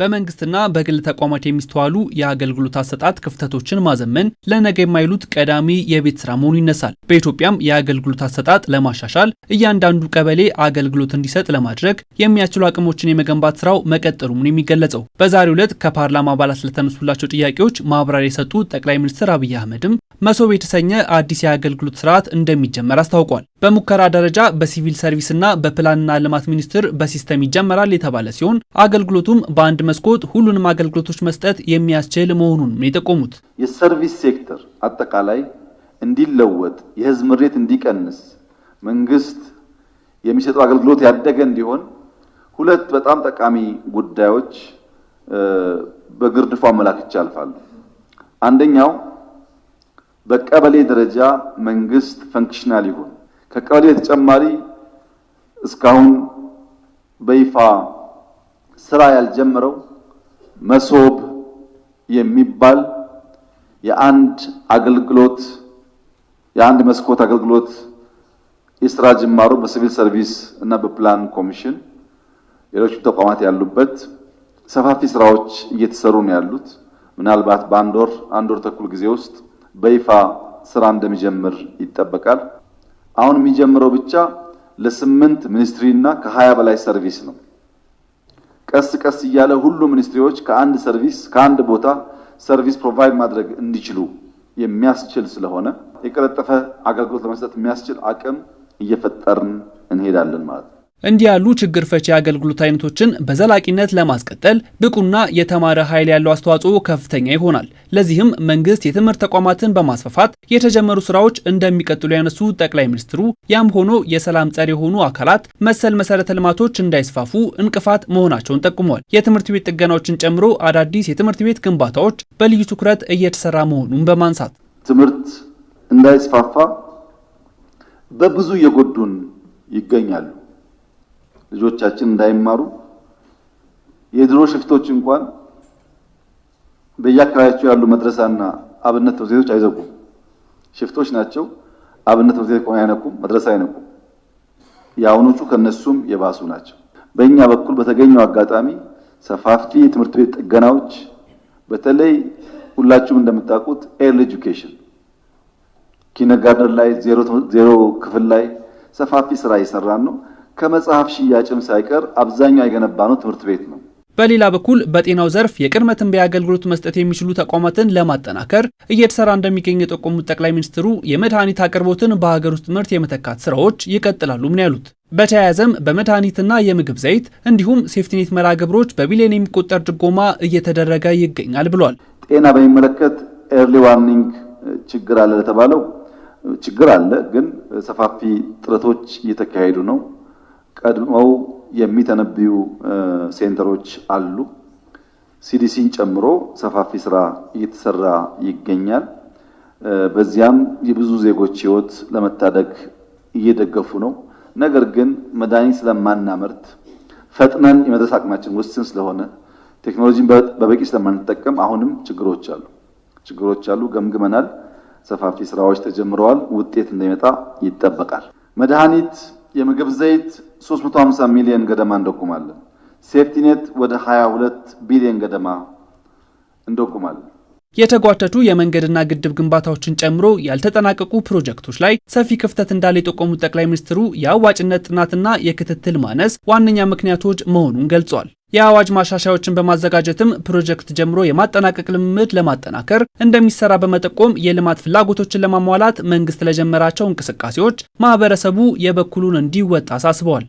በመንግስትና በግል ተቋማት የሚስተዋሉ የአገልግሎት አሰጣጥ ክፍተቶችን ማዘመን ለነገ የማይሉት ቀዳሚ የቤት ስራ መሆኑ ይነሳል። በኢትዮጵያም የአገልግሎት አሰጣጥ ለማሻሻል እያንዳንዱ ቀበሌ አገልግሎት እንዲሰጥ ለማድረግ የሚያስችሉ አቅሞችን የመገንባት ስራው መቀጠሉ ነው የሚገለጸው። በዛሬው ዕለት ከፓርላማ አባላት ስለተነሱላቸው ጥያቄዎች ማብራሪያ የሰጡ ጠቅላይ ሚኒስትር አብይ አህመድም መሶብ የተሰኘ አዲስ የአገልግሎት ስርዓት እንደሚጀመር አስታውቋል። በሙከራ ደረጃ በሲቪል ሰርቪስና በፕላንና ልማት ሚኒስቴር በሲስተም ይጀመራል የተባለ ሲሆን አገልግሎቱም በአንድ መስኮት ሁሉንም አገልግሎቶች መስጠት የሚያስችል መሆኑን ነው የጠቆሙት። የሰርቪስ ሴክተር አጠቃላይ እንዲለወጥ፣ የህዝብ ምሬት እንዲቀንስ፣ መንግስት የሚሰጠው አገልግሎት ያደገ እንዲሆን ሁለት በጣም ጠቃሚ ጉዳዮች በግርድፉ አመላክቼ አልፋለሁ። አንደኛው በቀበሌ ደረጃ መንግስት ፈንክሽናል ይሁን ከቀበሌ በተጨማሪ እስካሁን በይፋ ስራ ያልጀመረው መሶብ የሚባል የአንድ አገልግሎት የአንድ መስኮት አገልግሎት የስራ ጅማሮ በሲቪል ሰርቪስ እና በፕላን ኮሚሽን ሌሎችም ተቋማት ያሉበት ሰፋፊ ስራዎች እየተሰሩ ነው ያሉት። ምናልባት በአንድ ወር አንድ ወር ተኩል ጊዜ ውስጥ በይፋ ስራ እንደሚጀምር ይጠበቃል። አሁን የሚጀምረው ብቻ ለስምንት ሚኒስትሪ እና ከሀያ በላይ ሰርቪስ ነው። ቀስ ቀስ እያለ ሁሉ ሚኒስትሪዎች ከአንድ ሰርቪስ ከአንድ ቦታ ሰርቪስ ፕሮቫይድ ማድረግ እንዲችሉ የሚያስችል ስለሆነ የቀለጠፈ አገልግሎት ለመስጠት የሚያስችል አቅም እየፈጠርን እንሄዳለን ማለት ነው። እንዲህ ያሉ ችግር ፈቺ የአገልግሎት አይነቶችን በዘላቂነት ለማስቀጠል ብቁና የተማረ ኃይል ያለው አስተዋጽኦ ከፍተኛ ይሆናል። ለዚህም መንግስት የትምህርት ተቋማትን በማስፋፋት የተጀመሩ ስራዎች እንደሚቀጥሉ ያነሱ ጠቅላይ ሚኒስትሩ፣ ያም ሆኖ የሰላም ጸር የሆኑ አካላት መሰል መሰረተ ልማቶች እንዳይስፋፉ እንቅፋት መሆናቸውን ጠቁመዋል። የትምህርት ቤት ጥገናዎችን ጨምሮ አዳዲስ የትምህርት ቤት ግንባታዎች በልዩ ትኩረት እየተሰራ መሆኑን በማንሳት ትምህርት እንዳይስፋፋ በብዙ የጎዱን ይገኛሉ። ልጆቻችን እንዳይማሩ የድሮ ሽፍቶች እንኳን በየአካባቢያቸው ያሉ መድረሳና አብነት ትምህርት ቤቶች አይዘጉም። ሽፍቶች ናቸው። አብነት ትምህርት ቤት ቆን አይነኩም፣ መድረሳ አይነኩም። የአሁኖቹ ከነሱም የባሱ ናቸው። በእኛ በኩል በተገኘው አጋጣሚ ሰፋፊ የትምህርት ቤት ጥገናዎች፣ በተለይ ሁላችሁም እንደምታውቁት ኤርሊ ኤጁኬሽን ኪነጋርደን ላይ ዜሮ ክፍል ላይ ሰፋፊ ስራ እየሰራን ነው። ከመጽሐፍ ሽያጭም ሳይቀር አብዛኛው የገነባነው ትምህርት ቤት ነው። በሌላ በኩል በጤናው ዘርፍ የቅድመ ትንበያ አገልግሎት መስጠት የሚችሉ ተቋማትን ለማጠናከር እየተሰራ እንደሚገኝ የጠቆሙት ጠቅላይ ሚኒስትሩ የመድኃኒት አቅርቦትን በሀገር ውስጥ ምርት የመተካት ስራዎች ይቀጥላሉ ምን ያሉት። በተያያዘም በመድኃኒትና የምግብ ዘይት እንዲሁም ሴፍቲኔት መርሃ ግብሮች በቢሊዮን የሚቆጠር ድጎማ እየተደረገ ይገኛል ብሏል። ጤና በሚመለከት ኤርሊ ዋርኒንግ ችግር አለ ለተባለው ችግር አለ፣ ግን ሰፋፊ ጥረቶች እየተካሄዱ ነው። ቀድመው የሚተነብዩ ሴንተሮች አሉ። ሲዲሲን ጨምሮ ሰፋፊ ስራ እየተሰራ ይገኛል። በዚያም የብዙ ዜጎች ህይወት ለመታደግ እየደገፉ ነው። ነገር ግን መድኃኒት ስለማናመርት ፈጥነን የመድረስ አቅማችን ውስን ስለሆነ ቴክኖሎጂን በበቂ ስለማንጠቀም አሁንም ችግሮች አሉ ችግሮች አሉ። ገምግመናል። ሰፋፊ ስራዎች ተጀምረዋል። ውጤት እንደሚመጣ ይጠበቃል። መድኃኒት የምግብ ዘይት 350 ሚሊዮን ገደማ እንደቁማለን። ሴፍቲኔት ወደ 22 ቢሊዮን ገደማ እንደቁማለን። የተጓተቱ የመንገድና ግድብ ግንባታዎችን ጨምሮ ያልተጠናቀቁ ፕሮጀክቶች ላይ ሰፊ ክፍተት እንዳለ የጠቆሙት ጠቅላይ ሚኒስትሩ የአዋጭነት ጥናትና የክትትል ማነስ ዋነኛ ምክንያቶች መሆኑን ገልጿል። የአዋጅ ማሻሻያዎችን በማዘጋጀትም ፕሮጀክት ጀምሮ የማጠናቀቅ ልምምድ ለማጠናከር እንደሚሰራ በመጠቆም የልማት ፍላጎቶችን ለማሟላት መንግስት ለጀመራቸው እንቅስቃሴዎች ማህበረሰቡ የበኩሉን እንዲወጣ አሳስበዋል።